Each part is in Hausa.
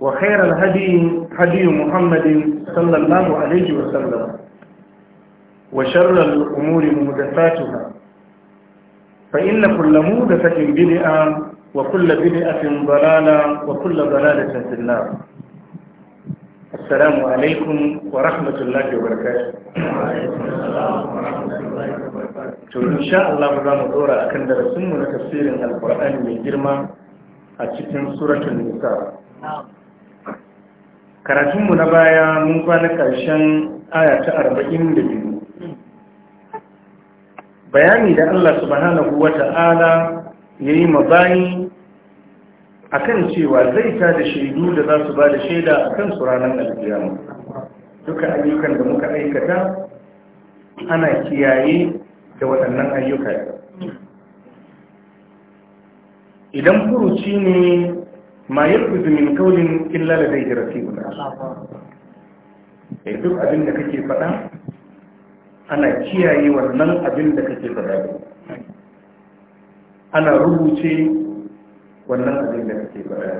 وخير الهدي هدي محمد صلى الله عليه وسلم وشر الأمور مدفاتها فإن كل مودفة بدئة وكل بدئة ضلالة وكل ضلالة في النار السلام عليكم ورحمة الله وبركاته to insha Allah za mu dora akan darasinmu na tafsirin alqur'ani mai girma a cikin suratul nisa karatunmu na baya mun kwana ƙarshen aya ta arba'in da biyu bayani da Allah subhanahu wa ta'ala ya yi mabani a kan cewa zai ta da shaidu da za su ba da shaida a kan su ranar alkiyama duka ayyukan da muka aikata ana kiyaye da waɗannan ayyuka idan furuci ne ما يلفظ من قول إلا لديه رسيب الأخير يدوب أبن لك كي فتا أنا كياي ورنن أبن لك كي فتا أنا روشي ورنن أبن لك كي فتا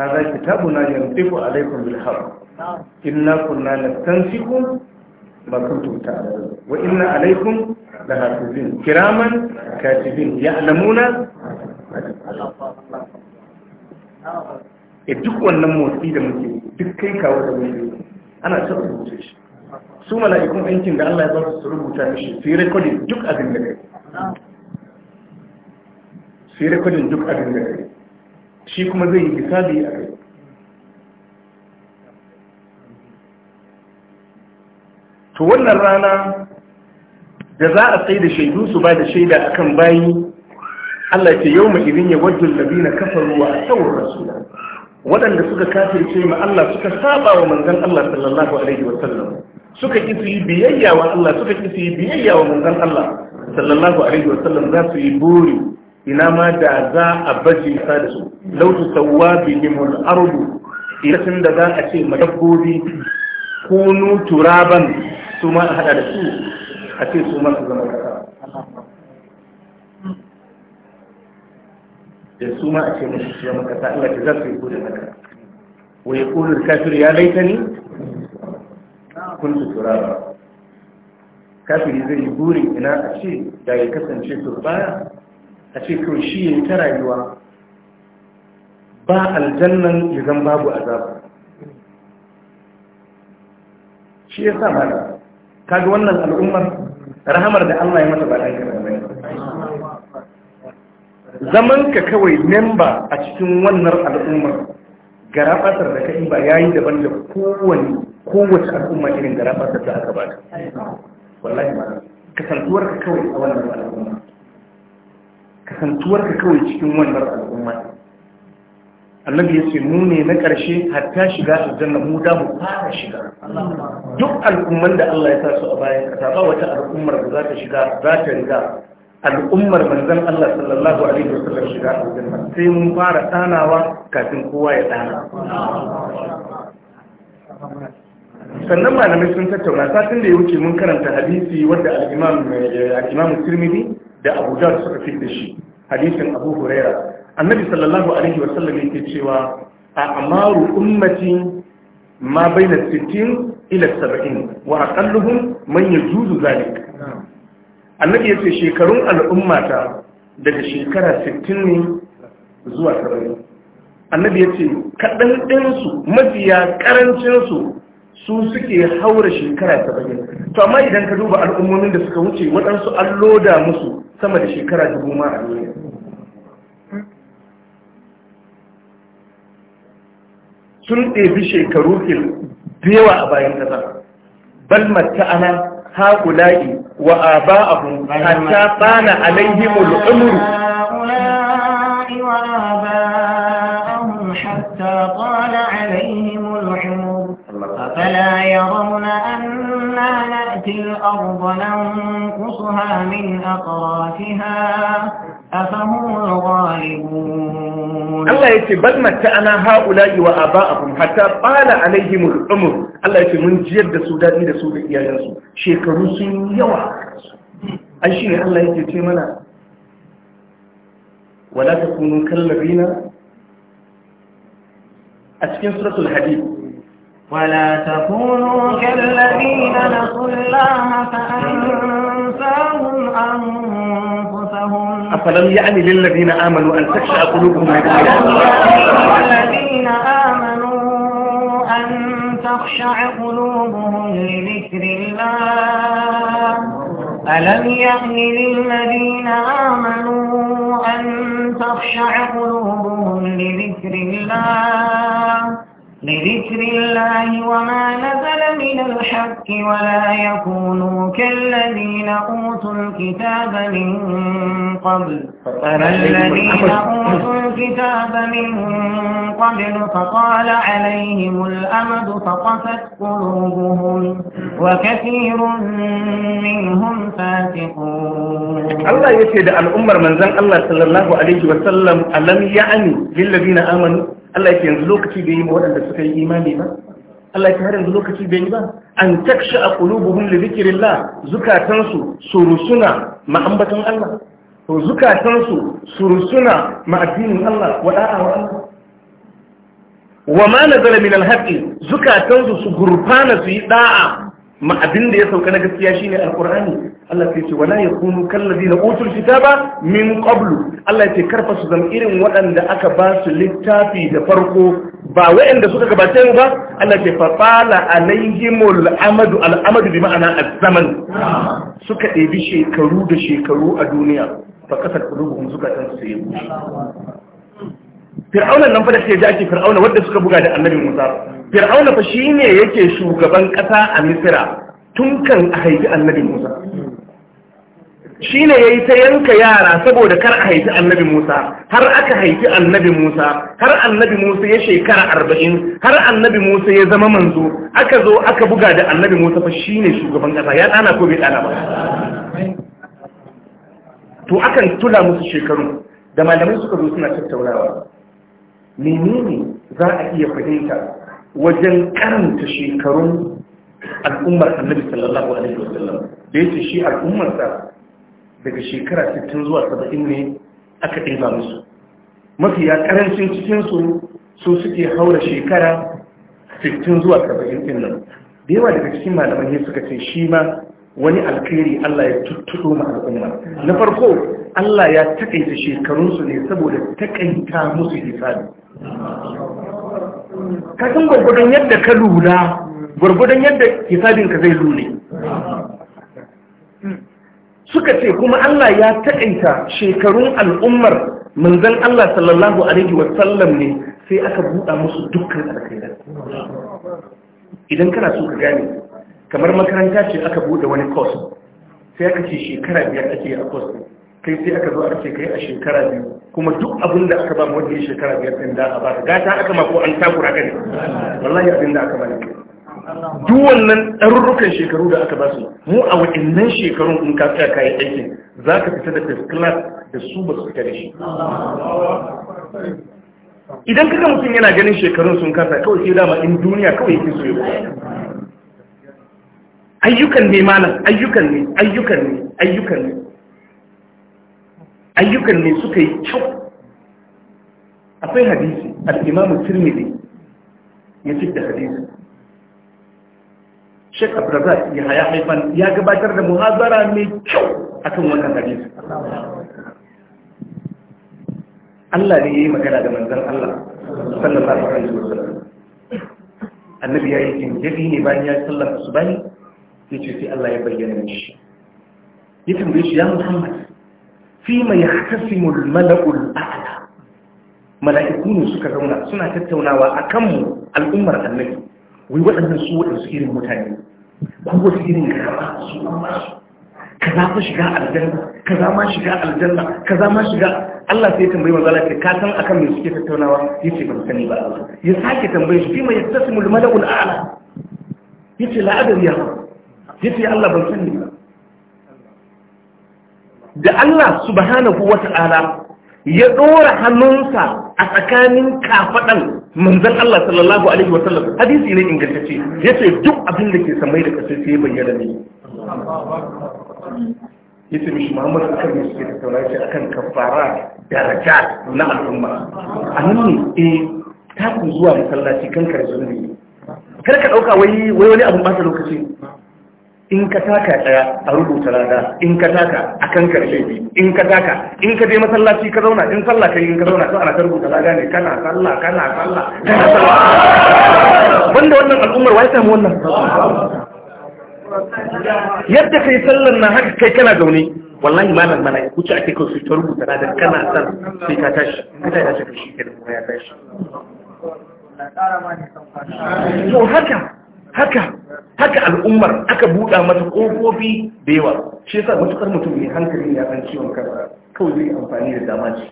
هذا كتابنا ينطق عليكم بالحق إنا كنا نستنسخ ما كنتم تعلمون وإنا عليكم لحافظين كراما كاتبين يعلمون e duk wannan motsi da muke duk kai kawo da wani yau ana son rubuta shi su mala'ikun aikin da Allah ya ba su rubuta shi su yi rekodin duk abin da kai su yi rekodin duk abin da kai shi kuma zai yi misali a kai to wannan rana da za a tsaye da shaidu su ba da shaida akan bayi Allah ce yau mai irin ya wajen labina kafaru wa tsawon rasula waɗanda suka kafirce ma Allah suka saba wa manzan Allah sallallahu alaihi wasallam suka ƙi su yi biyayya wa Allah suka ƙi su yi biyayya wa manzan Allah sallallahu alaihi wasallam za su yi buri ina ma da za a baje sa da su law tusawwa bihim al-ardu idan da za a ce madabbobi kunu turaban su ma a hada da su a ce su ma su zama kasa da su ma a ce musu shi maka ta Allah ta za su yi ko da haka wa ya al-kafir ya laitani kuntu turaba kafiri zai yi burin ina a ce da ya kasance turbaya a ce kawai shi ya yi ta rayuwa ba aljannan ya zan babu azab. shi ya sa mana kaga wannan al'ummar rahamar da Allah ya mata ba ɗan karamai zaman ka kawai memba a cikin wannan al'ummar garabatar da ka yi ba yayi daban da kowane kowace al'umma irin garabatar da aka bata wallahi ma kasantuwar ka kawai a wannan al'umma kasantuwar ka kawai cikin wannan al'umma annabi ya ce mu ne na ƙarshe hatta shiga aljanna mu da mu fara shiga duk al'umman da Allah ya sa su a baya, ka ba wata al'ummar da za ta shiga za ta riga al'ummar manzon Allah sallallahu alaihi wasallam shiga aljanna sai mun fara tsanawa kafin kowa ya tsana sannan malamai sun tattauna satin da ya wuce mun karanta hadisi wadda al-Imam eh, al-Imam da Abu Dawud suka fi da shi hadisin Abu Huraira annabi sallallahu alaihi wasallam yake cewa a amaru ummati ma bai baina sittin ila 70 wa aqalluhum man yajuzu zalika annabi ya ce shekarun al'ummata daga shekara 60 ne zuwa 70 annabi ya ce kaɗan ɗinsu mafiya ƙarancinsu su suke haura shekara 70 to amma idan ka duba al'ummomin da suka wuce waɗansu an loda musu sama da shekara dubu a duniya sun ɗebi shekaru fil da yawa a bayan ƙasa bal matta'ana haƙula'i وآباءهم حتى طال عليهم العمر حتى طال عليهم أفلا يرون أنا نأتي الأرض ننقصها من أطرافها أفهم الغالبون Allah ya ce bal matta'ana ha'ula'i wa aba'ahum hatta qala alaihim al-umr Allah ya ce mun jiyar da su dadi da su da iyayensu shekaru sun yawa ai shine Allah yake ce mana wala takunu kallabina a cikin suratul hadid ولا تكونوا كالذين نسوا الله فأنساهم أنفسهم فلم يعني للذين آمنوا أن تخشع قلوبهم للذين آمنوا أن تخشع قلوبهم لذكر الله ألم يأن للذين آمنوا أن تخشع قلوبهم لذكر الله لذكر الله وما نزل من الحق ولا يكونوا كالذين أوتوا الكتاب من قبل فالذين أوتوا الكتاب من قبل فطال عليهم الأمد فقفت قلوبهم وكثير منهم فاتقون الله يشهد الأمر من زن الله صلى الله عليه وسلم ألم يعني للذين آمنوا Allah yake yanzu lokaci bai yi ba waɗanda suka yi imani ba Allah yake har yanzu lokaci bai yi ba an taksha a qulubuhum li dhikrillah zukatansu surusuna ma'ambatan Allah to zukatansu surusuna ma'addinin Allah wa da'a wa Allah wa ma nazala min al-haqqi zukatansu su gurfana su yi da'a ma abin da ya sauka na gaskiya shine alqur'ani Allah ya ce wala yakunu kallazina utul kitaba min qablu Allah ya ce karfa su zama irin waɗanda aka ba su littafi da farko ba waɗanda suka gabata mu ba Allah ya ce fa qala alaihimul amadu al amadu bi ma'ana az-zaman suka ɗebi shekaru da shekaru a duniya fa kasar qulubuhum suka tansu fir'aunan nan fa da ke jaki fir'auna wadda suka buga da annabi musa fir'auna fa shine yake shugaban kasa a misira tun kan a haifi annabi musa shine yayi ta yanka yara saboda kar a haifi annabi musa har aka haifi annabi musa har annabi musa ya shekara arba'in har annabi musa ya zama manzo aka zo aka buga da annabi musa fa shine shugaban kasa ya dana ko bai dana ba to akan tula musu shekaru da malamai suka zo suna tattaunawa menene za a iya fahimta wajen karanta shekarun al'ummar annabi sallallahu alaihi wasallam da yake shi al'ummarsa daga shekara 60 zuwa 70 ne aka ɗiba musu mafiya karancin cikinsu su suke haura shekara 60 zuwa 70 ɗin nan da yawa daga cikin malamai suka ce shi ma wani alkhairi Allah ya tuttuɗo ma al'umma na farko Allah ya takaita shekarunsu ne saboda takaita musu hisabi ka san gwargwadon yadda ka lura gwargwadon yadda hisabinka zai lune suka ce kuma Allah ya takaita shekarun al'ummar manzan Allah sallallahu alaihi wasallam ne sai aka buɗa musu dukkan alkaida idan kana so ka gane kamar makaranta ce aka buɗe wani kos, sai aka ce shekara biyar ake yi a kos. kai sai aka zo aka ce kai a shekara biyu kuma duk abin da aka ba mu wajen shekara biyar din da a ba gata aka mako an takura ka wallahi abin da aka ba ne duk wannan ɗarurrukan shekaru da aka ba su mu a waɗannan shekarun in ka tsaya kayan aiki za ka fita da first class da su ba su fita da shi idan kaga mutum yana ganin shekarun sun kasa kawai sai dama in duniya kawai yake so ya ayyukan ne mana, ayyukan ne ayyukan ne ayyukan ne ayyukan ne suka yi kyau akwai hadisi al'imamu tirmidhi ya fi da hadisi Sheikh abrazak ya haya haifan ya gabatar da muhazara mai kyau akan wannan hadisi Allah ne ya yi magana da manzan Allah sallallahu alaihi wasallam annabi ya yi jinjiri ne bayan ya sallar su bani ya ce sai Allah ya bayyana shi ya tambaye shi ya Muhammad fi mai hatasimul mala'ul a'ala mala'iku ne suka zauna suna tattaunawa a kanmu al'ummar annabi wai waɗannan su waɗansu irin mutane ba wasu irin karama su ba su za ma shiga aljanna Ka za ma shiga aljanna Ka za ma shiga Allah sai tambayi manzo Allah ka san akan me suke tattaunawa yace ban sani ba ya sake tambaye shi mai yattasimul mala'ul a'la yace la adab ya yace Allah ban sani ba da Allah subhanahu ta’ala ya ɗora hannunsa a tsakanin kafaɗan manzan Allah sallallahu alaihi wa sallam hadisi ne ingantacce ya ce duk abin da ke samai da kasar sai bayyana ne ya ce mishi mamar akan ne suke da tauraci akan kafara daraja na al'umma a nan ne eh takun zuwa masallaci kan karzu ne kar ka ɗauka wai wani abin ba lokaci in ka taka tsaya a rubuta rana in ka taka a kan karshe bi in ka taka in ka je masallaci ka zauna in sallah kai in ka zauna to ana ta rubuta rana ne kana sallah kana sallah kana sallah banda wannan al'ummar wai samu wannan yadda kai sallan na haka kai kana zaune wallahi malam mana ya kuce ake kai su ta rubuta rana kana san sai ka tashi in ka tashi shi kenan ya tashi to haka haka haka al'ummar aka buɗa mata ƙofofi da yawa shi yasa matukar mutum ne hankalin ya san ciwon kansa kawai zai amfani da dama ce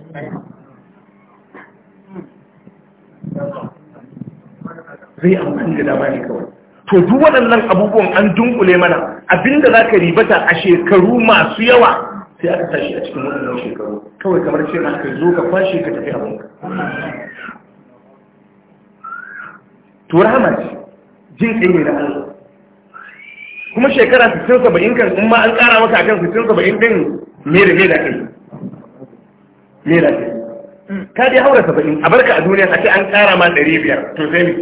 zai amfani da dama ne kawai to duk waɗannan abubuwan an dunkule mana abinda za ka ribata a shekaru masu yawa sai aka tashi a cikin waɗannan shekaru kawai kamar ce ka zo ka kwashe ka tafi abinka to rahama ce jin tsaye da Allah kuma shekara 60 kan kuma an kara maka kan 60 din mere mere da kai mere da kai ka haura 70 a barka a duniya sai an kara ma 500 to sai ne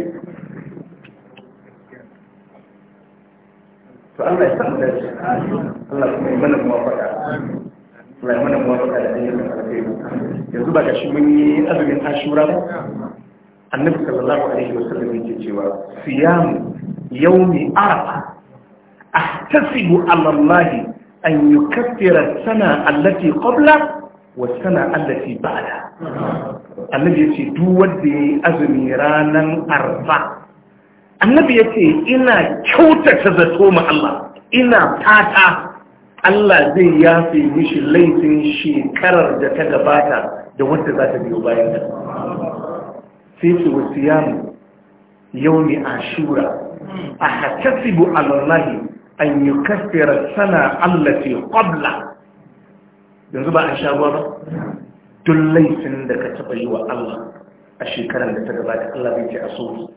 to Allah ya samu shi Allah kuma ya Allah ya mana da yanzu ba ka shi mun yi azumin ashura ba annabi sallallahu alaihi wasallam yake cewa siyam yawmi arafa ahtasibu ala allahi an yukaffira sana allati qabla wa sana allati ba'da annabi yace duk wanda yayi azumi ranan arfa annabi yace ina kyautata zato ma Allah ina fata Allah zai yafe mishi laifin shekarar da ta gabata da wanda za ta biyo bayan ta sai ce wa siyamu a ashura a ala allahi an yukaffira sana allati qabla yanzu ba an sha ba duk laifin da ka taba yi wa Allah a shekarar da ta gabata Allah bai ce a so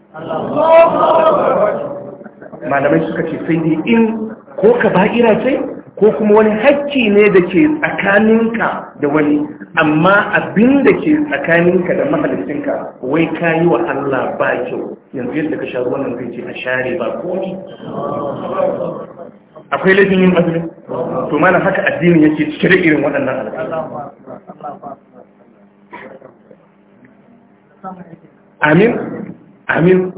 malamai suka ce sai dai in ko ka ba'ira sai? ko kuma wani hakki ne da ke tsakaninka da wani amma abin da ke tsakaninka da mahalicinka wai ka yi wa Allah ba kyau yanzu yadda ka sha nan zai ce a share ba komi akwai laifin yin azumi to mana haka addinin yake cike da irin waɗannan alƙalai amin amin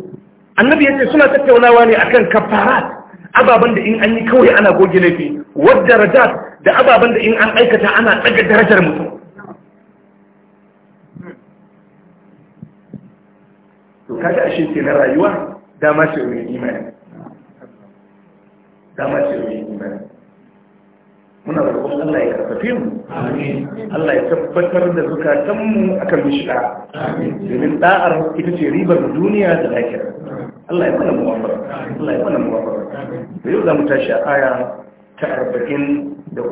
annabi yace suna tattaunawa ne akan kafara ababan da in an yi kawai ana goge laifi wadda rajat da ababen da in an aikata ana daga darajar mutum to kaga ashe ke na rayuwa dama ce mai imani dama ce mai imani muna roƙon Allah ya karfafe mu Allah ya tabbatar da zukatanmu akan bishida domin da'ar ita ce ribar duniya da lafiya Allah ya mana muwafara Allah ya mana muwafara da yau za mu tashi a aya ta arba'in da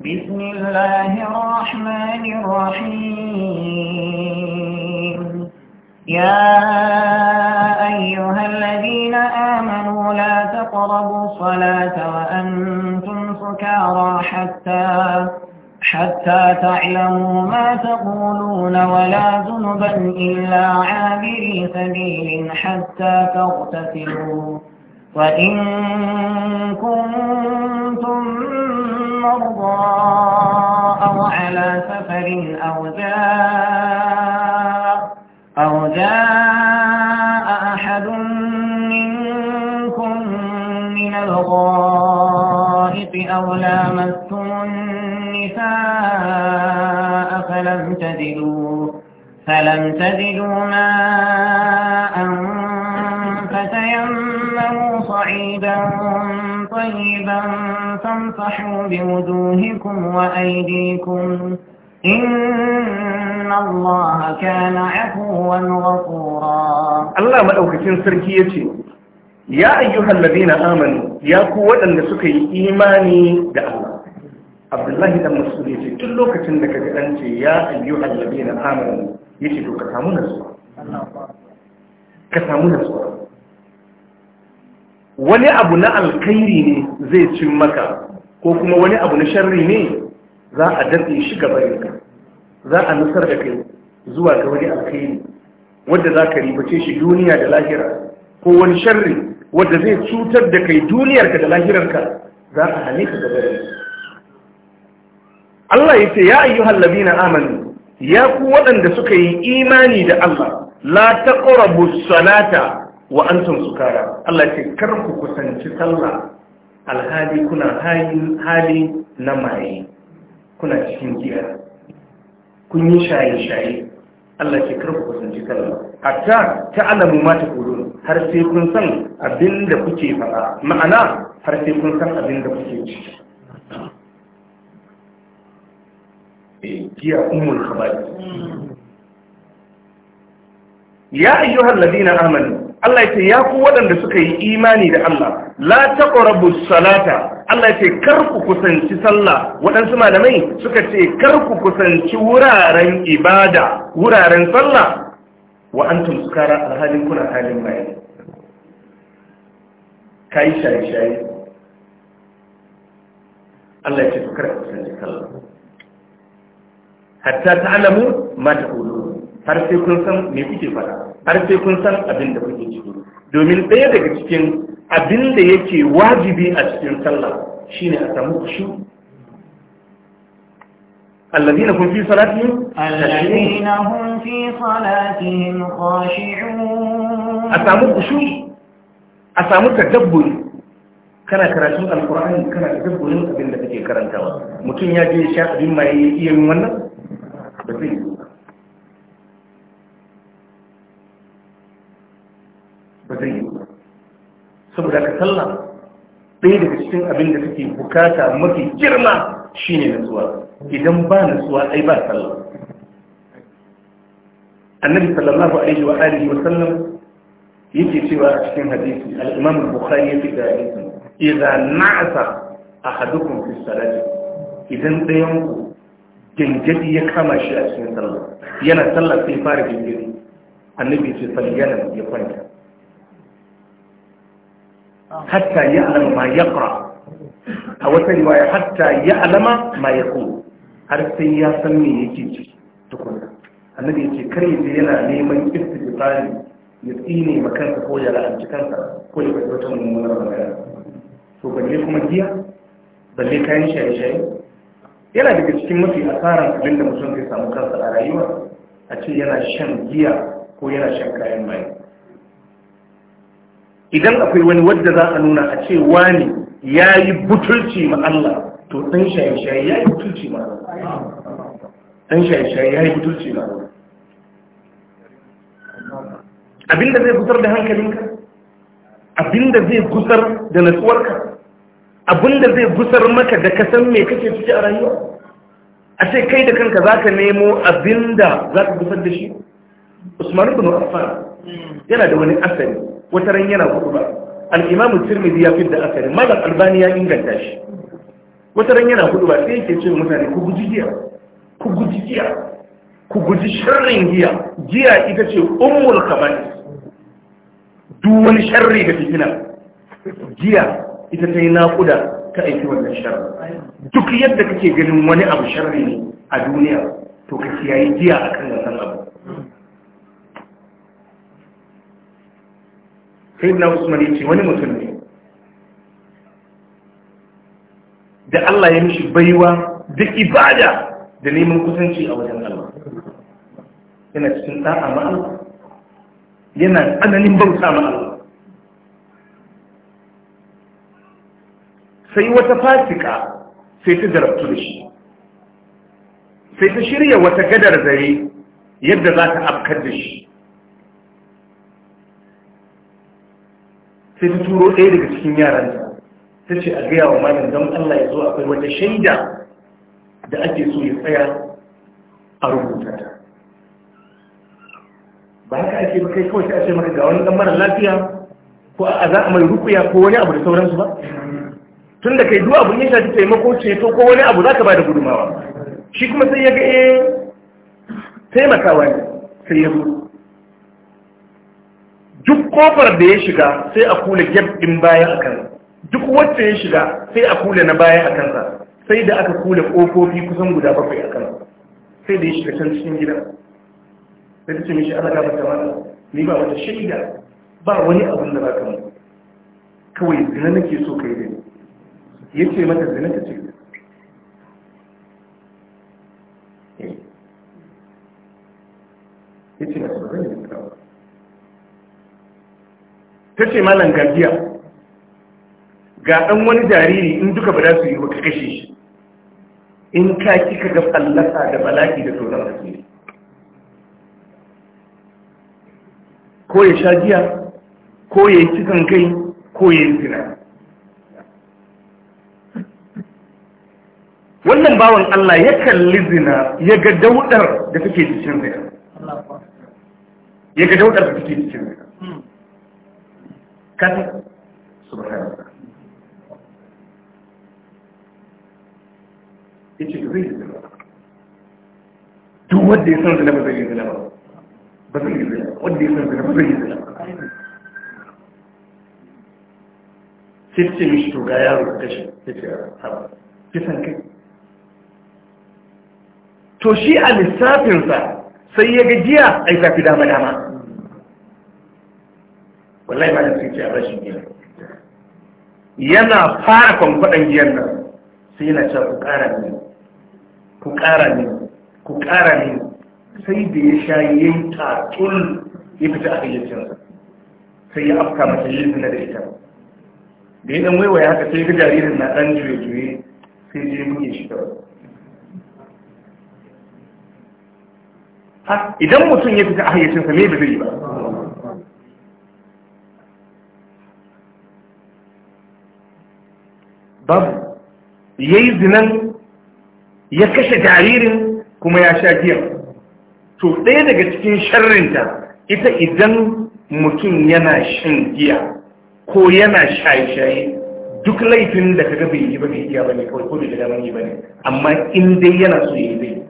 بسم الله الرحمن الرحيم يا أيها الذين آمنوا لا تقربوا الصلاة وأنتم سكارى حتى حتى تعلموا ما تقولون ولا ذنبا إلا عابري سبيل حتى تغتسلوا وإن كنتم مرضى أو على سفر أو جاء, أو جاء أحد منكم من الغار أو لامستم النساء فلم تجدوا فلم تجدوا ماء فتيمموا صعيدا طيبا فانصحوا بوجوهكم وأيديكم إن الله كان عفوا غفورا الله ما سركي يتي ya ayyuhal ladina amanu ya ku waɗanda suka yi imani da Allah Abdullahi dan Mas'ud yace tun lokacin da kaga dan ce ya ayyuhal ladina amanu yace to ka samu nasuwa ka samu wani abu na alkhairi ne zai cin maka ko kuma wani abu na sharri ne za a daɗe shi gabarinka za a nusar da kai zuwa ga wani alkhairi wadda za ka ribace shi duniya da lahira ko wani sharri wanda zai cutar da kai duniyarka da lahirarka za a hane ka gaba Allah ya ce ya ayyuhal ladina amanu ya ku waɗanda suka yi imani da Allah la taqrabu salata wa antum sukara Allah ce kar ku kusanci sallah alhali kuna hali na maye kuna cikin giya kun yi shaye-shaye Allah ke kar ku kusanci kalma hatta alamu ma taqulun har sai kun san abin da kuke faɗa ma'ana har sai kun san abin da kuke ci eh giya ummul khabari ya ayyuhal ladina amanu Allah ya ce ya ku waɗanda suka yi imani da Allah la taqrabu salata Allah ya ce kar ku kusanci sallah waɗansu malamai suka ce kar ku kusanci wuraren ibada wuraren sallah wa antum sukara alhalin kuna halin maye kai shaye-shaye Allah ya ce kar ku kusanci sallah hatta alamu ma hudu har sai kun san me kuke fara har sai kun san abin da kuke ciki domin ɗaya daga cikin abin da yake wajibi a cikin sallah shine a samu kushu الذين هم في صلاتهم الذين هم في صلاتهم خاشعون أسامو خشوع أسامو تدبر kana karatun alkur'ani kana تدبر abin da kake karantawa mutum ya je sha abin ma yayi iya yin wannan saboda ka sallah ɗaya daga cikin abin da kake bukata mafi girma shine nutsuwa idan ba nutsuwa ai ba sallah annabi sallallahu alaihi wa alihi wa sallam yake cewa a cikin hadisi al-imam al-bukhari ya fita hadisi idza na'asa ahadukum fi salati idan dayan ku gangadi ya kama shi a cikin sallah yana sallah sai fara gangadi annabi ce falyana ya kwanta hatta alama ma ya ƙura, a wata riwaya hatta alama ma ya yaqul har sai ya san me yake ci tukunna annabi yace kar yaje yana neman istighfari ya tsine ma kansa ko ya la'anci kansa ko ya wata mummunar magana to balle kuma giya balle kayan shaye-shaye yana daga cikin mafi asaran abin da mutum zai samu kansa a rayuwa a ce yana shan giya ko yana shan kayan maye idan akwai wani wadda za a nuna a ce wani ya yi butulci ma Allah to ɗan shaye-shaye ya yi butulci ma ɗan shaye-shaye ya yi butulci ma abinda zai gusar da hankalinka abinda zai gusar da natsuwarka abinda zai gusar maka da ka san me kake fice a rayuwa a ce kai da kanka za ka nemo abinda za ka gusar da shi usman bin affan yana da wani asali wata ran yana hudu ba al-imamu tirmidhi ya da akari malam albani ya inganta shi wata ran yana hudu ba sai yake ce mutane ku guji giya ku guji giya ku guji sharrin giya giya ita ce ummul khaba'is duk wani sharri da gina giya ita ta yi naƙuda ta aiki wannan sharri duk yadda kake ganin wani abu sharri ne a duniya to ka kiyaye giya a kan wannan sayyidina usman ya ce wani mutum ne da Allah ya mishi baiwa da ibada da neman kusanci a wajen Allah yana cikin ɗa'a ma Allah yana tsananin bauta ma Allah sai wata fasika sai ta jarabtu da shi sai ta shirya wata gadar zare yadda za ta afkar da shi sai ta turo ɗaya daga cikin yaran ta ce a gaya wa malam don Allah ya zo akwai wata shaida da ake so ya tsaya a rubuta ta ba haka ake ba kai kawai sai a ce maka ga wani dan mara lafiya ko a za a mai rukuya ko wani abu da sauransu ba tun da kai duk abun ya shafi taimako ceto ko wani abu za ka ba da gudumawa shi kuma sai ya ga eh taimakawa ne sai ya zo duk kofar da ya shiga sai a kula gyab ɗin baya a kansa duk wacce ya shiga sai a kula na baya a kansa sai da aka kula ƙofofi kusan guda bakwai a kansa sai da ya shiga can cikin gidan sai da ce mishi ana gaba ta mana ni ba wata shaida ba wani abin da ba ka mu kawai zina nake so ka yi da ya ce mata zina ta ce eh. ya ce zina ta da ta ce malam gajiya ga ɗan wani jariri in duka ba za su yi wata kashe shi in ka kika ga fallasa da bala'i da tsoron ke. ko ya sha giya ko ya yi cikin kai ko ya yi zina wannan bawan Allah ya kalli zina ya ga daudar da take cikin zina ya ga daudar da take cikin كفى سبحان الله ايش يقول دو ود يسند لما بيجي لما بس ود يسند لما بيجي لما سيتي مش تو غايا وكش سيتي هذا كيفن كيف تو شي الاسافر ذا سيجي جيا اي ذا في دامه دامه wallahi ma da cikin rashin gina yana fara kwamfadan giyan nan sai yana cewa ku ƙara ne ku ƙara ne ku ƙara ne sai da ya sha ta tatul ya fita a hayyacinsa sai ya afka mata yin zina da ita da ɗan waiwa ya haka sai ga jaririn na dan juye-juye sai je muke shi kawai idan mutum ya fita a hayyacinsa me ba zai yi ba babu ya yi zinan ya kashe jaririn kuma ya sha giya to ɗaya daga cikin sharrinta ita idan mutum yana shan giya ko yana shaye-shaye duk laifin da ka bai yi ba bai giya ba ne kawai ko bai daga yi ba ne amma in dai yana so ya yi zai yi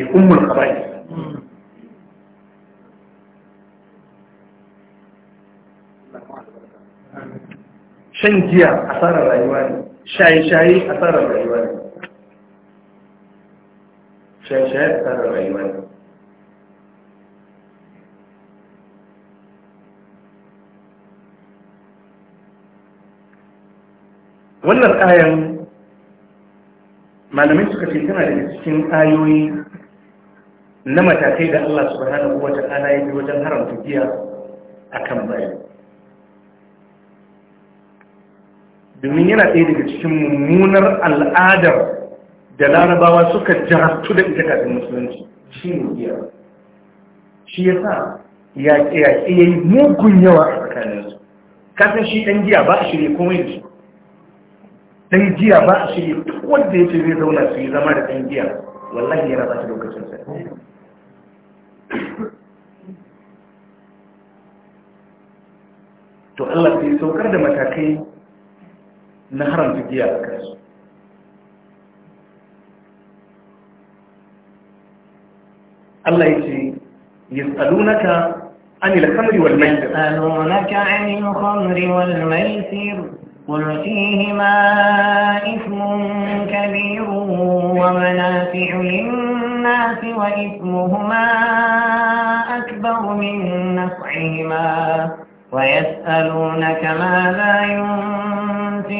eh, umar kabari hmm. shan giya asarar rayuwa ne shaye-shaye asarar rayuwa ne shaye-shaye asarar rayuwa ne wannan ayan malamai suka ce tana daga cikin ayoyi na matakai da Allah subhanahu wa ta'ala ya bi wajen haramta giya akan bayan domin yana ɗaya daga cikin mummunar al'adar da larabawa suka jaratu da ita kafin musulunci shi ne biya shi ya sa yaƙe-yaƙe ya yi mugun yawa a tsakaninsu kasan shi ɗan giya ba a shirya komai da shi ɗan giya ba a shirya wanda ya ce zai zauna su yi zama da ɗan giya wallahi yana ba shi lokacinsa to Allah sai saukar da matakai نهرا في ديارك الله kansu يسألونك عن الخمر والميسر يسألونك عن الخمر والميسر قل فيهما إثم كبير ومنافع للناس وإثمهما أكبر من نفعهما ويسألونك ماذا ينفع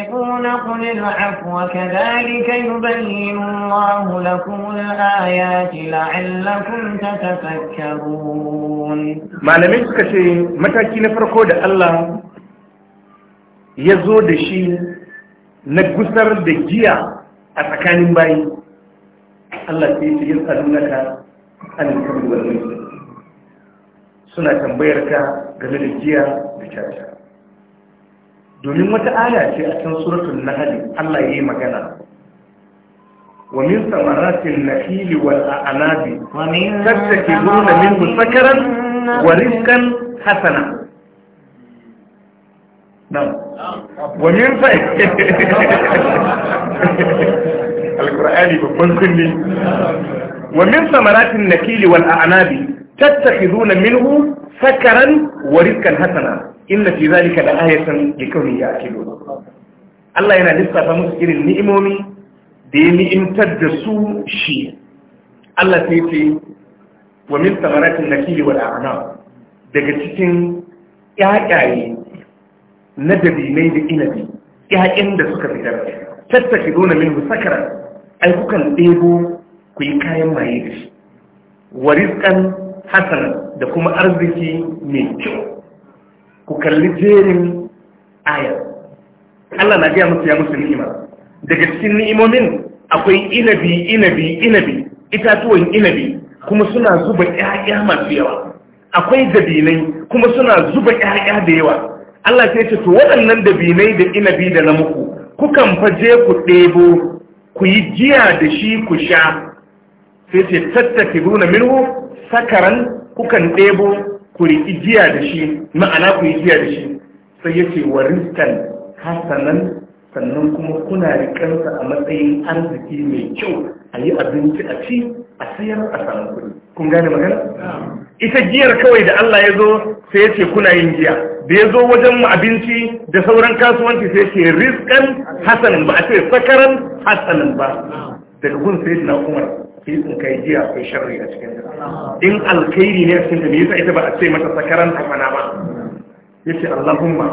تقسطون قل العفو كذلك يبين الله لكم الآيات لعلكم تتفكرون ما لم يسك شيء متى كنا فرقود الله يزود شيء نقصر دجيا أتكان باي الله سيسي يسألونك عن الكبر والمسر سنة تنبيرك قبل الجيا بشاشة domin wata aya ce a cikin suratul nahl Allah yayi magana wa min samaratil nakhil wal a'nabi tattakibuna minhu sakaran wa rizqan hasana نعم ومن القرآن بكل كلي ومن ثمرات النخيل والأعناب تتخذون منه سكرا ورزقا حسنا inna fi zalika la ayatan ya ya'qilun Allah yana lissafa musu irin ni'imomi da ya ni'imtar da su shi Allah sai ce wa min thamaratin nakili wal a'nam daga cikin ƴaƴaye na dabinai da inabi ƴaƴan da suka fitar tattakiduna minhu sakara ai kukan ɗebo ku yi kayan maye da shi wa rizqan hasana da kuma arziki mai kyau ku kalli jerin ayar Allah na gaya musu ya musu ni'ima daga cikin ni'imomin akwai inabi inabi inabi itatuwan inabi kuma suna zuba ƴaƴa masu yawa akwai dabinai kuma suna zuba ƴaƴa da yawa Allah sai ce to waɗannan dabinai da inabi da na muku kukan faje ku ɗebo ku yi jiya da shi ku sha sai ce tattafi nuna minhu sakaran kukan ɗebo ku riƙi da shi ma'ana ku yi jiya da shi sai yace wa rizkan hasanan sannan kuma kuna rikansa a matsayin arziki mai kyau a yi abinci a ci a sayar a samu kuɗi kun gane magana ita giyar kawai da Allah ya zo sai yace kuna yin giya da ya zo wajen mu abinci da sauran kasuwanci sai ce rizkan hasanan ba a ce sakaran hasanan ba daga gun sai na umar hadisin kai jiya akwai sharri a cikin in alkhairi ne a cikin me yasa ita ba a ce mata sakaran tafana ba Ya ce Allahumma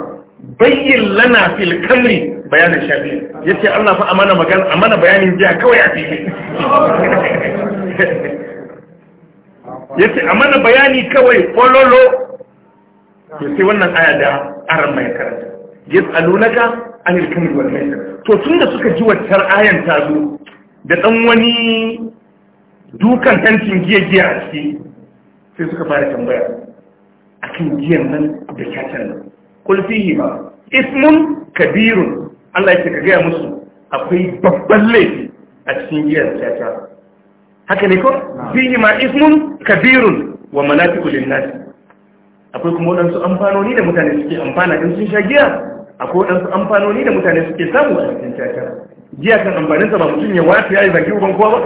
bayyin lana fil kamri bayanin Ya ce Allah fa amana magana amana bayanin jiya kawai a fili yace amana bayani kawai fololo ce wannan aya da aran mai karanta yas'alunaka anil kamri wal maisir to da suka ji waccar ayan ta zo da ɗan wani dukan hancin giya giya a ciki sai suka fara tambaya a kan giyan nan da kyatan nan yi ma ismun kabirun Allah ya ce ka gaya musu akwai babban laifi a cikin giyan kyata haka ne ko fihi ma ismun kabirun wa kulin nasi akwai kuma waɗansu amfanoni da mutane suke amfana din sun sha giya akwai waɗansu amfanoni da mutane suke samu a cikin kyata giya kan amfaninsa ba mutum ya wata ya yi zagi uban kowa ba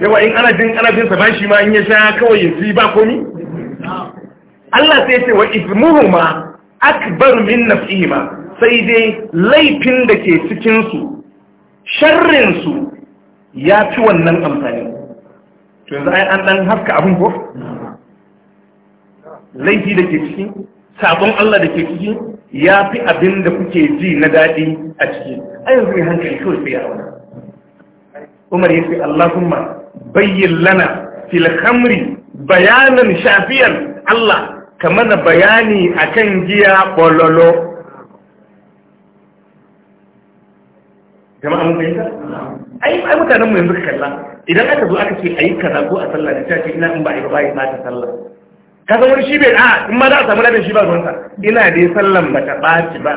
yawa in ana jin ana jin saban shi ma in ya sha kawai ya ji ba komi Allah sai ce wa ismuhuma akbar min nafsihima sai dai laifin da ke cikin su sharrin su ya fi wannan amfani to yanzu ai an dan haska abin ko laifi da ke ciki sabon Allah da ke ciki ya fi abin da kuke ji na daɗi a ciki ai yanzu ne hankali kawai sai ya wani umar ya ce allahumma bayyin lana fil khamri bayanan shafiyan allah ka mana bayani akan giya bololo jama'a mun fahimta ai ai mutanen mu yanzu kalla idan aka zo aka ce ayi kaza ko a sallah da ta ce ina in ba ai ba ai ba ta sallah ka san wani shi bai a ah, in ma za a samu ladan shi ba ruwansa ina dai sallan ba ta ɓaci ba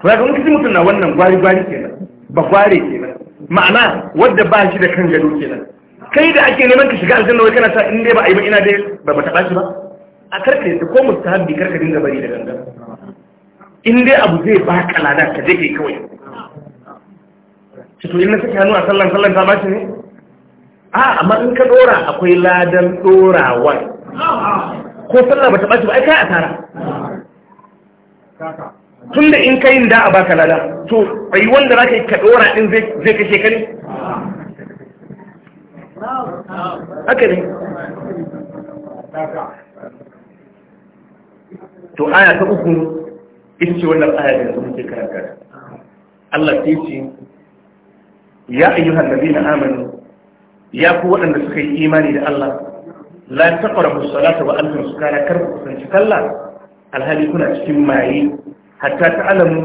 to ya ga mutum na wannan gwari gwari kenan bakware kenan ma'ana wadda ba shi da kan gado kenan kai da ake neman ka shiga aljanna wai kana sa in dai ba a yi ba ina dai ba ba taɓa shi ba a karka yadda ko mustahabbi karka dinga bari da gangan in dai abu zai ba ka lada ka je kai kawai to in na saki hannu a sallan sallan ta bashi ne a amma in ka dora akwai ladan dorawar ko sallah ba ta bashi shi ba ai kai asara tun da in kayin da a baka lada to bai wanda za ka yi ka ɗora ɗin zai kashe ka ne haka ne to aya ta uku ita ce wannan aya da yanzu muke karanta Allah ta ce ya ayyuhan na Amani, ya ku waɗanda suka yi imani da Allah la ƙwararru salata wa alfin su kara ku kusanci kalla alhali kuna cikin maye hatta alamu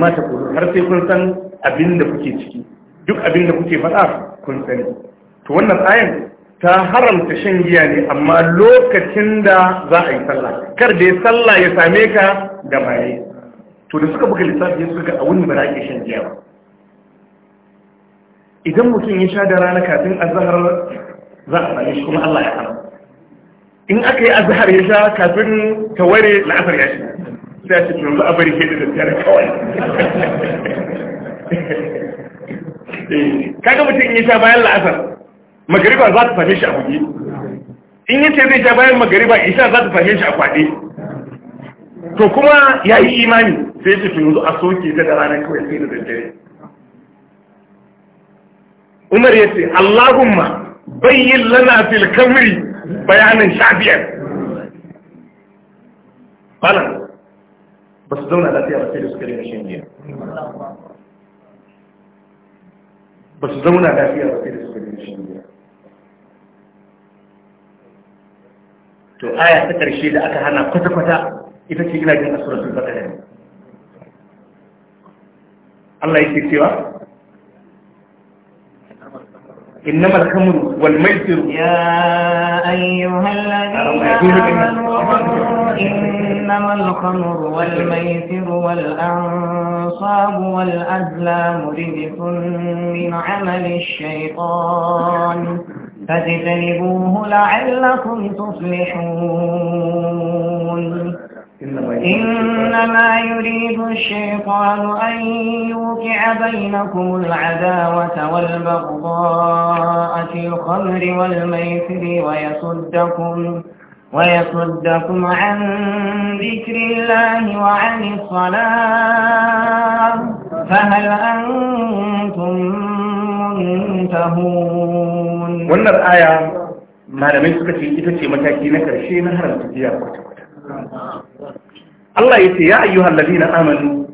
ma kudu har sai kun san abin da kuke ciki duk abin da kuke faɗa kun sani to wannan ayan ta haramta shan giya ne amma lokacin da za a yi sallah kar da sallah ya same ka da maye to da suka buga lissafi suka ga a wani ba shan giya ba idan mutum ya sha da rana kafin azhar za a same shi kuma Allah ya haramta in aka yi azhar ya sha kafin ta ware la'asar ya shi sai ce yanzu a bari da daddare kawai eh, kaga mutum ya sha bayan la'asar magariba za ta same shi a hudu in yace zai sha bayan magariba isha za ta same shi a kwaɗe to kuma ya yi imani sai ce yanzu a soke ta da ranar kawai sai da daddare umar ya ce allahumma bayyin lana fil kamri bayanin sha'biyar falan ba su zauna lafiya ba sai da suka daina shan giya ba su zauna lafiya ba sai da suka daina shan giya to aya ta ƙarshe da aka hana kwata-kwata ita ce ina jin asuratul bakara Allah yake cewa إنما الخمر والميسر يا أيها الذين آمنوا إنما الخمر والميسر والأنصاب والأزلام رجس من عمل الشيطان فاجتنبوه لعلكم تفلحون إنما يريد الشيطان أن يوقع بينكم العداوة والبغضاء في الخمر والميسر ويصدكم ويصدكم عن ذكر الله وعن الصلاة فهل أنتم منتهون wannan الآية ما لم يسكت في ce mataki na karshe na haramta Allah ya ce ya ayyuhal na amanu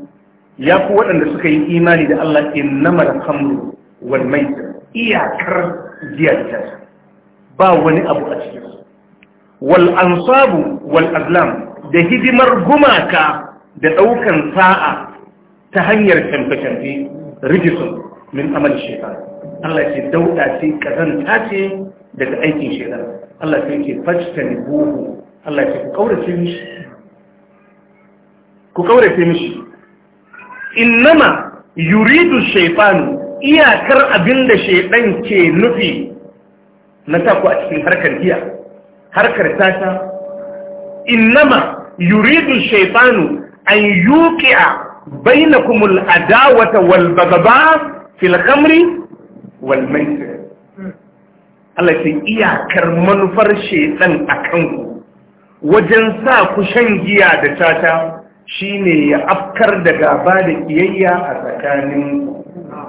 ya ku waɗanda suka yi imani da Allah innamal khamru wal maisir iyakar ziyarta ba wani abu a cikin wal ansabu wal azlam da hidimar gumaka da ɗaukan sa'a ta hanyar canfe-canfe rigisun min amal Allah ce dauda ce kazanta ce daga aikin shekar Allah ce ke fashta ne buhu Allah ce ku kaurace mishi ku kaurace mishi innama yuridu shaytanu iyakar abinda shaydan ke nufi na taku a cikin harkar giya harkar tata innama yuridu shaytanu an yuqi'a bainakumul adawata wal bagaba fil khamri wal maisir Allah ce iyakar manufar shaytan akan ku wajen sa ku shan giya da tata shine ya afkar da gaba da kiyayya a tsakanin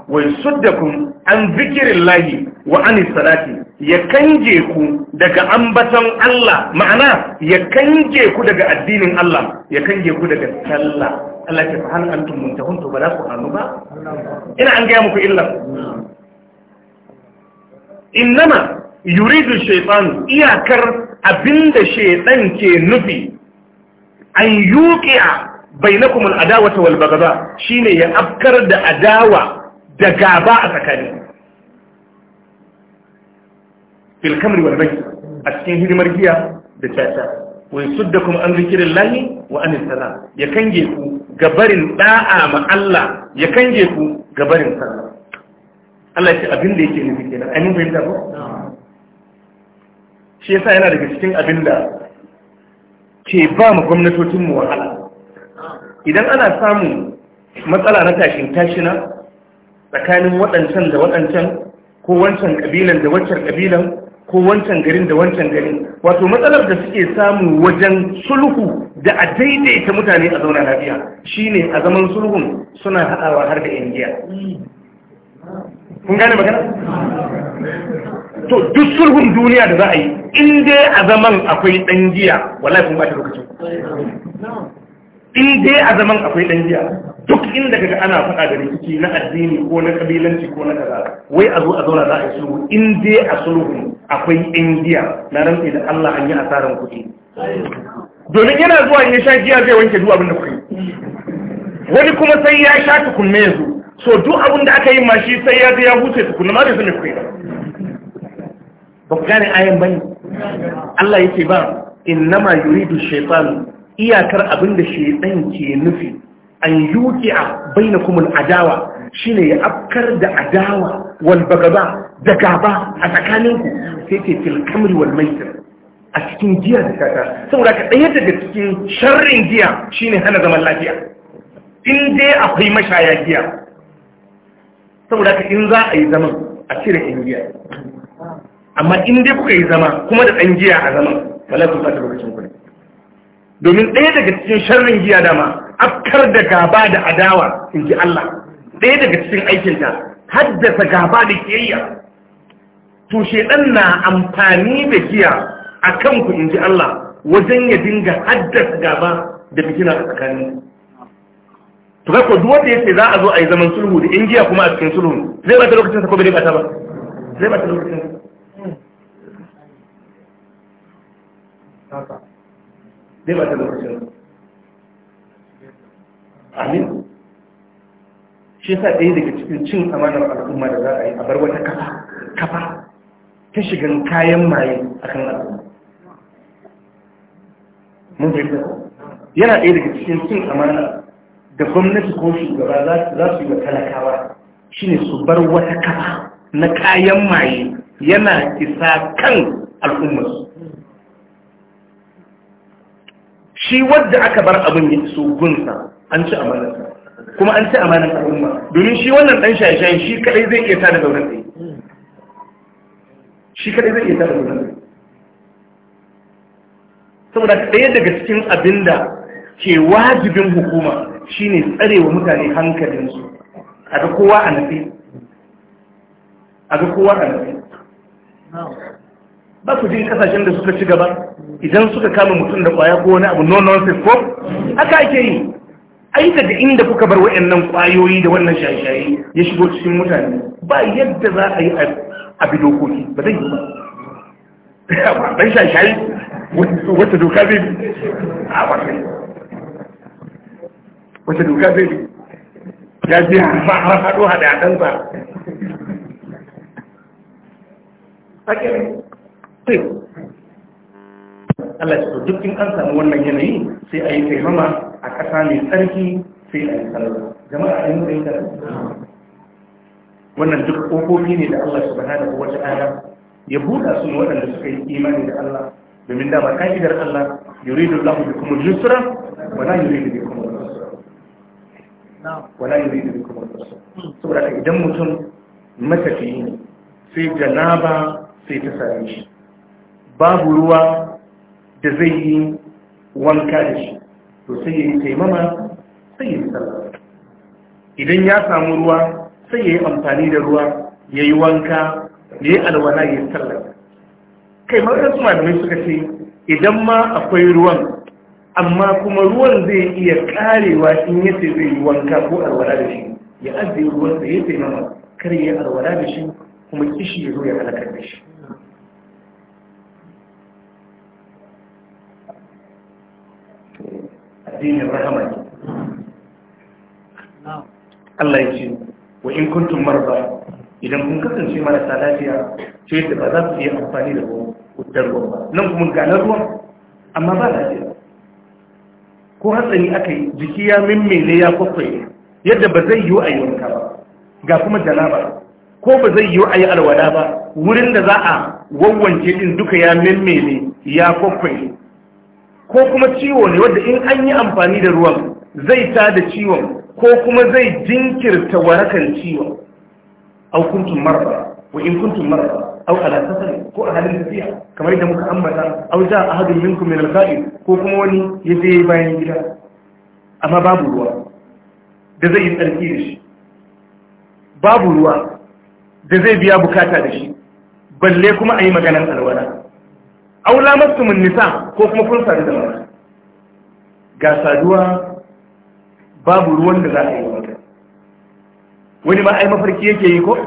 wai suddakum an zikirin lahi wa anis salati ya kanje ku daga ambaton Allah ma'ana ya kanje ku daga addinin Allah ya kanje ku daga sallah Allah ke fahal antum muntahun to ba za ku hannu ba ina an gaya muku illa innama yuridu shaytan iyakar abinda shedan ke nufi an yuqiya bainakum al-adawata wal baghdha shine ya afkar da adawa da gaba a tsakani fil kamri wal bayt a cikin hidimar giya da caca sudda kuma an zikrillahi wa an salam ya kange ku gabarin da'a ma Allah ya kange ku gabarin sallah Allah ya ce abin da yake nufi kenan ainihin fahimta ko shi yasa yana daga cikin abin da ke ba mu gwamnatocinmu wahala idan ana samun matsala na tashin tashina tsakanin waɗancan da waɗancan ko wancan ƙabilan da wancan ƙabilan ko wancan garin da wancan garin wato matsalar da suke samu wajen sulhu da a daidaita mutane a zauna lafiya shine a zaman sulhun suna haɗawa har da indiya kun gane magana to duk sulhun duniya da za a yi in dai a zaman akwai ɗan giya wallahi kun ta lokacin in dai a zaman akwai dan giya duk inda kaga ana faɗa da rikici na addini ko na kabilanci ko na kaza wai a zo a zauna za a yi sulhu in dai a sulhun akwai dan giya na rantsi da Allah an yi asaran kuɗi domin yana zuwa in ya sha giya zai wanke duk abin da kuke wani kuma sai ya sha tukunne ya zo so duk abin da aka yi ma shi sai ya ga ya huce tukunne ma da su ne kuka ba ba ku gane ayan bane Allah yake ba innama yuridu shaytan iyakar abinda shaytan ke nufi an a baina kumul adawa shine ya afkar da adawa wal bagaba da gaba a tsakaninku sai ce fil kamri wal maisir a cikin giya da kaka saboda ka ɗaya daga cikin sharrin giya shine hana zaman lafiya in dai akwai mashaya giya saboda ka in za a yi zaman a cire in giya amma in dai kuka yi zama kuma da ɗan giya a zaman wala ku ta lokacin ku ne domin ɗaya daga cikin sharrin giya dama afkar da gaba da adawa in ji Allah ɗaya daga cikin aikinta haddasa gaba da kiyayya to shedan na amfani da giya a kanku in ji Allah wajen ya dinga haddasa gaba da fitina a tsakanin to ga ko duwanda yace za a zo a yi zaman sulhu da in giya kuma a cikin sulhu zai ta lokacin sa ko bai ta ba zai ta lokacin sa ba ta amin shi sa ɗaya daga cikin cin amanar al'umma da za a yi a bar wata kafa kafa ta shigan kayan maye a kan al'umma mun fahimta yana ɗaya daga cikin cin amana da gwamnati ko shugaba za su yi wa talakawa shine su bar wata kafa na kayan maye yana isa kan al'ummarsu shi wadda aka bar abin yin su gunsa an ci amana kuma an ci amanar umma domin shi wannan dan shaye shi kadai zai iya tada zaunar tsaye shi kadai zai iya tada zaunar tsaye saboda ɗaya daga cikin abin da ke wajibin hukuma shine tsarewa mutane hankalinsu a ga kowa a nafi a ga kowa a nafi ba ku jin kasashen da suka ci gaba idan suka kama mutum da kwaya ko wani abu no nonsense ko haka ake yi ai daga inda kuka bar wayannan kwayoyi da wannan shaye-shaye ya shigo cikin mutane ba yadda za a yi a bi dokoki ba zai yi ba ban shaye-shaye wata doka zai bi a wannan wata doka zai bi ya je har haɗo haɗe a ɗansa sai Allah ya duk in an samu wannan yanayi sai a yi taimama a ƙasa mai tsarki sai a yi sallah jama'a a yi mutum wannan duk ƙofofi ne da Allah da wa ta'ala ya buɗa su ne waɗanda suka yi imani da Allah domin da ba ka'idar Allah yuridu Allah da kuma yusra wa la yuridu da kuma yusra wa la yuridu da kuma yusra saboda idan mutum matafiyi sai janaba sai ta same shi babu ruwa da zai yi wanka da shi to sai ya yi taimama sai ya yi sallah idan ya samu ruwa sai ya yi amfani da ruwa ya yi wanka ya yi alwala ya yi sallah kai marar su malamai suka ce idan ma akwai ruwan amma kuma ruwan zai iya karewa in yace zai yi wanka ko alwala da shi ya ajiye ruwan da ya taimama kar ya alwala da shi kuma kishi ya zo ya halakar da shi addinin rahama Allah ya ce wa in kuntum marba idan kun kasance marasa lafiya ce da ba za su yi amfani da wutar ruwan ba nan kuma gane ruwan amma ba lafiya ko hatsari aka yi jiki ya mimmele ya kwakwai yadda ba zai yiwu a yi wanka ba ga kuma janaba ko ba zai yiwu a yi alwada ba wurin da za a wawwance din duka ya mimmele ya kwakwai ko kuma ciwo ne wadda in an yi amfani da ruwan zai ta da ciwon ko kuma zai jinkirta warakan ciwon au kuntum marra wa in kuntum marra au ala safar ko a halin tafiya kamar yadda muka ambata au ja ahadun minkum min al-ghaib ko kuma wani ya je bayan gida amma babu ruwa da zai yi tsarki da shi babu ruwa da zai biya bukata da shi balle kuma a yi maganan alwala aula mastumin nisa ko kuma kun sadu da mata ga saduwa babu ruwan da za a yi mata wani ma ai mafarki yake yi ko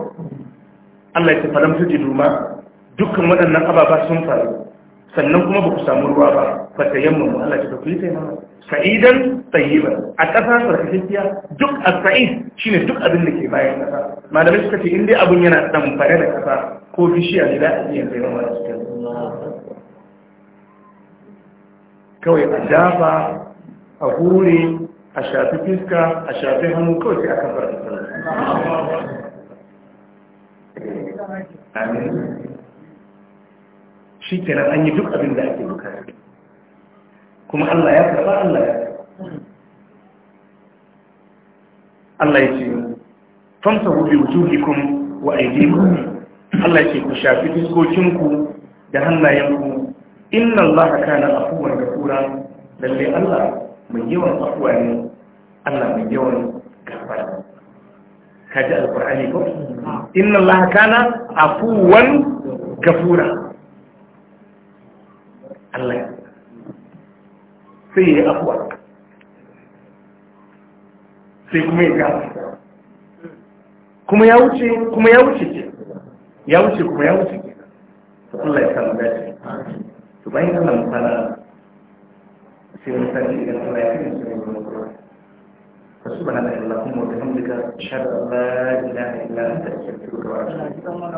Allah ya tafaram su ji duma dukkan waɗannan ababa sun faru sannan kuma ba ku samu ruwa ba ba ta yamma mu Allah ya tafi sai mana sa'idan tayyiban a ƙasa sarkakakkiya duk a said shine duk abin da ke bayan ƙasa malamai suka ce in dai abun yana fare da kasa, ko bishiya ne da a iya zai mamaye cikin kawai a dafa a hure a shafi fiska a shafi hannu kawai sai aka fara Amin. shi kenan an yi duk abin da ake bukata kuma Allah ya karba Allah ya Allah ya ce famsa hudu wujuhikum wa aydikum Allah ya ce ku shafi fiskokinku da hannayenku inna Allah kana afuwan gafura lalle Allah mai yawan afuwa ne Allah mai yawan gafara kaji alkur'ani ko inna Allah kana afuwan gafura Allah sai ya afuwa sai kuma ya gafara kuma ya wuce kuma ya wuce ke ya wuce kuma ya wuce ke Allah ya samu dace to bayan Allah mu fara sai wani sati idan Allah ya kai su ne mu ka subhanaka allahumma wa bihamdika ashhadu an la ilaha illa anta astaghfiruka wa atubu